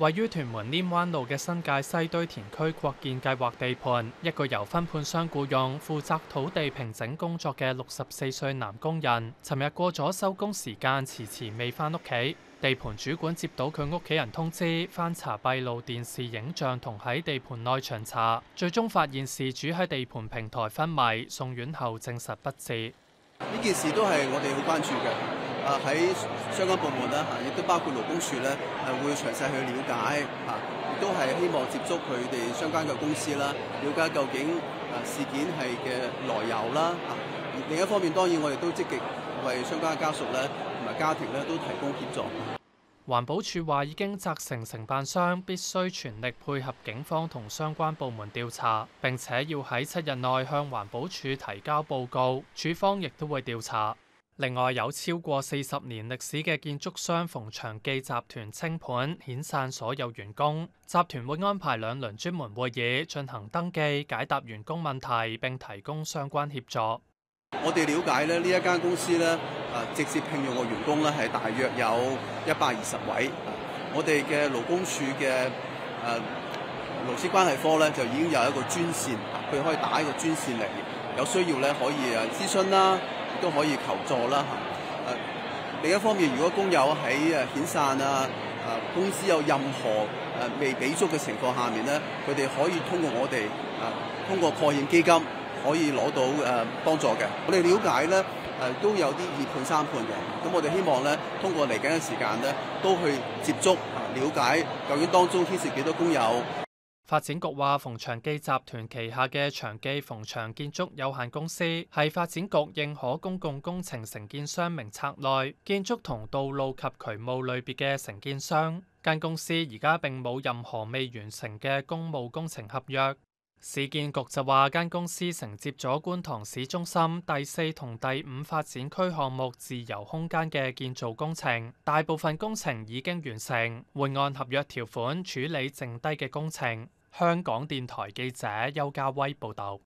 位於屯門稔灣路嘅新界西堆填區擴建計劃地盤，一個由分判商僱用負責土地平整工作嘅六十四歲男工人，尋日過咗收工時間，遲遲未返屋企。地盤主管接到佢屋企人通知，翻查閉路電視影像同喺地盤內巡查，最終發現事主喺地盤平台昏迷，送院後證實不治。呢件事都係我哋好關注嘅。喺相關部門啦，嚇，亦都包括勞工處咧，係會詳細去了解嚇，亦都係希望接觸佢哋相關嘅公司啦，了解究竟事件係嘅來由啦。而另一方面，當然我哋都積極為相關嘅家屬咧同埋家庭咧都提供協助。環保署話已經責成承辦商，必須全力配合警方同相關部門調查，並且要喺七日內向環保署提交報告。署方亦都會調查。另外有超過四十年歷史嘅建築商馮祥記集團清盤遣散所有員工，集團會安排兩輪專門會議進行登記、解答員工問題並提供相關協助。我哋了解咧，呢一間公司呢直接聘用嘅員工呢係大約有一百二十位。我哋嘅勞工處嘅誒勞資關係科呢就已經有一個專線，佢可以打一個專線嚟，有需要呢，可以誒諮詢啦。都可以求助啦嚇。誒另一方面，如果工友喺誒遣散啊，誒工資有任何未俾足嘅情況下面咧，佢哋可以通過我哋，通過破欠基金可以攞到幫助嘅。我哋了解咧誒都有啲二判三判嘅，咁我哋希望咧通過嚟緊嘅時間咧，都去接觸，啊，了解究竟當中牽涉幾多工友。發展局話，馮祥記集團旗下嘅祥記馮祥建築有限公司係發展局認可公共工程承建商名冊內建築同道路及渠務類別嘅承建商。間公司而家並冇任何未完成嘅公務工程合約。市建局就話，間公司承接咗觀塘市中心第四同第五發展區項目自由空間嘅建造工程，大部分工程已經完成，會按合約條款處理剩低嘅工程。香港電台記者邱家威報道。